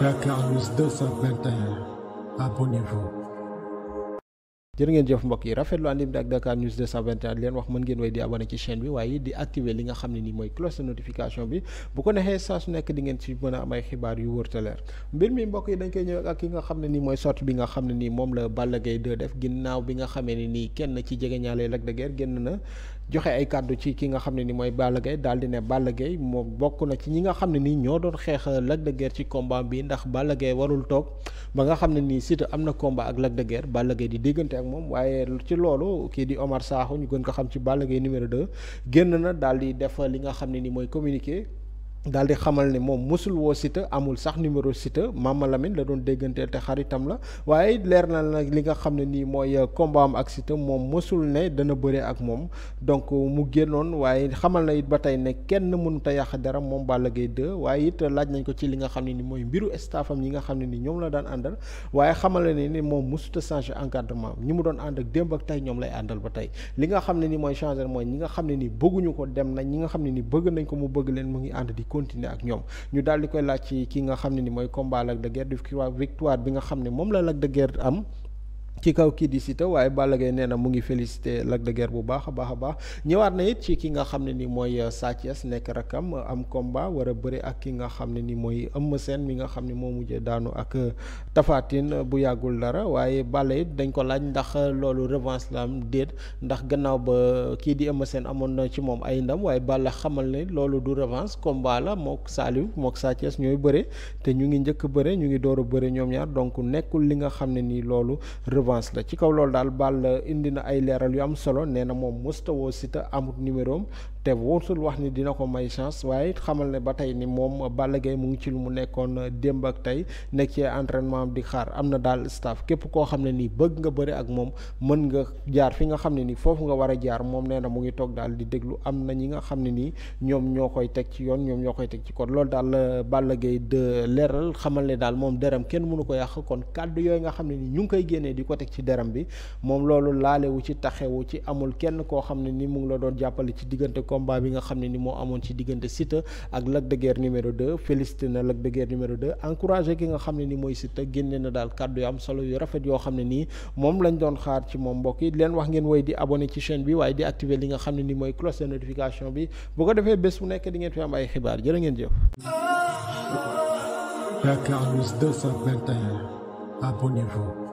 Dakar News 221, abonnez-vous. jër ngeen jëf mbokk yi rafetlu ànd bi ak Dakar News 221 leen wax mën ngeen way di abonné ci chaîne bi waaye di activer li nga xam ne ni mooy cloche de notification bi bu ko nexee saa su nekk di ngeen ci mën a ay xibaar yu wër te leer mbir mi mbokk yi dañ koy ñëw ak ki nga xam ne ni mooy sortie bi nga xam ne nii moom la Balla Gaye 2 def ginnaaw bi nga xamee ne nii kenn ci jegeñaale Lac de Guiers génn na joxe ay kàddu ci ki nga xam ne nii mooy Balla daal di ne Balla moo bokk na ci ñi nga xam ne nii ñoo doon xeex Lac de Guiers ci ndax Balla Gaye warul toog ba nga xam ne nii Siteu am na combat ak Lac de Guiers Balla di déggante ak moom waaye ci loolu kii di Omar Sakho ñu gën ko xam ci bàll Gaye numéro 2 génn na daal di def li nga xam ne ni mooy communiqué daal di xamal ne moom mosul woo Siteu amul sax numéro Siteu Mama la doon dégganteel te xaritam la waaye leer na nag li nga xam ne nii mooy euh, combat am moom mosul ne dana bëre ak moom donc euh, mu génnoon waaye xamal na it ba tey kenn mënut a dara moom Balla waaye it laaj nañ ko ci li nga xam ne ni mooy mbiru staffam yi nga xam ne ni la daan àndal waaye xamal na ni moom mosut a changé encadrement ñi mu doon ànd ak démb ak tey ñoom lay àndal ba tey li nga xam ne ni mooy changé mooy ñi nga xam ne ni bëgguñu ko dem nañ ñi nga xam ne ni bëgg nañ ko mu bëgg leen mu ngi ànd di continuer ak ñoom ñu daal di koy laaj ci ki nga xam ne ni mooy combat Lac de Guiers di victoire bi nga xam ne moom la Lac am ci kaw kii di Siteu waaye Balla Gaye nee na mu ngi félicité Lac de bu baax a baax a baax ñëwaat na it ci kii nga xam ne ni mooy euh, Sa Thiès nekk rakam euh, am combat war a bëri ak ki nga xam ne ni mooy Eumeu Sène mi nga xam ne moo mujjee daanu ak euh, Tapha Tine bu yàggul dara waaye Balla it dañ ko laaj ndax loolu revanche la am déet ndax gannaaw ba kii di Eumeu seen amoon na ci moom ay ndam waaye Balla xamal ne loolu du revanche combat la mook Saliou mook Sa Thiès ñooy bëre te ñu ngi njëkk bëre ñu ngi door a bëre ñoom ñaar donc nekkul li nga xam ne ni loolu redevance la ci kaw loolu daal Balla indi na ay leeral yu am solo nee na moom mosut woo Siteu amut numéro te wóorsul wax ni dina ko may chance waaye xamal ne ba tey ni moom Balla Gaye mu ngi ci lu mu nekkoon euh, démb ak tey nekk ci entrenement am di xaar am na daal staff képp koo xam ne nii bëgg nga bëri ak moom mën nga jaar fi nga xam ne nii foofu nga war a jaar moom nee na mu ngi toog daal di déglu am na ñi nga xam ne nii ñoom ñoo koy teg ci yoon ñoom ñoo koy teg ci kon lool daal euh, Balla Gaye de leeral xamal ne daal moom deram kenn munu ko yàq kon kàddu yooyu nga xam ne nii ñu ngi koy génnee di ko teg ci deram bi moom loolu laalewu ci taxewu ci amul kenn koo xam ne ni mu ngi la doon jàppale ci diggante combat bi nga xam ne ni moo amoon ci diggante Siteu ak Lac de Guiers numéro 2 félicité na Lac numéro 2 encouragé ki nga xam ne ni mooy Siteu génne na daal kàddu yu am solo yu rafet yoo xam ne nii moom lañ doon xaar ci moom mbokk yi leen wax ngeen woy di abonné ci chaîne bi waaye di activer li nga xam ne ni mooy cloche de notification bi bu ko defee bés bu nekk di ngeen fi am ay xibaar jërë ngeen jëf.